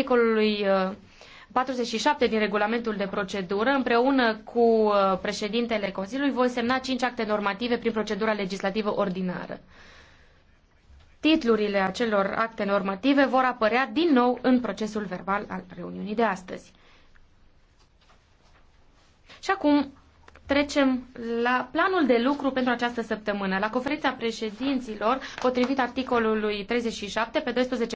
articolului 47 uh, din regulamentul de procedură, împreună cu uh, președintele Consiliului, voi semna cinci acte normative prin procedura legislativă ordinară. Titlurile acelor acte normative vor apărea din nou în procesul verbal al reuniunii de astăzi. Și acum trecem la planul de lucru pentru această săptămână. La conferința președinților, potrivit articolului 37 pe 12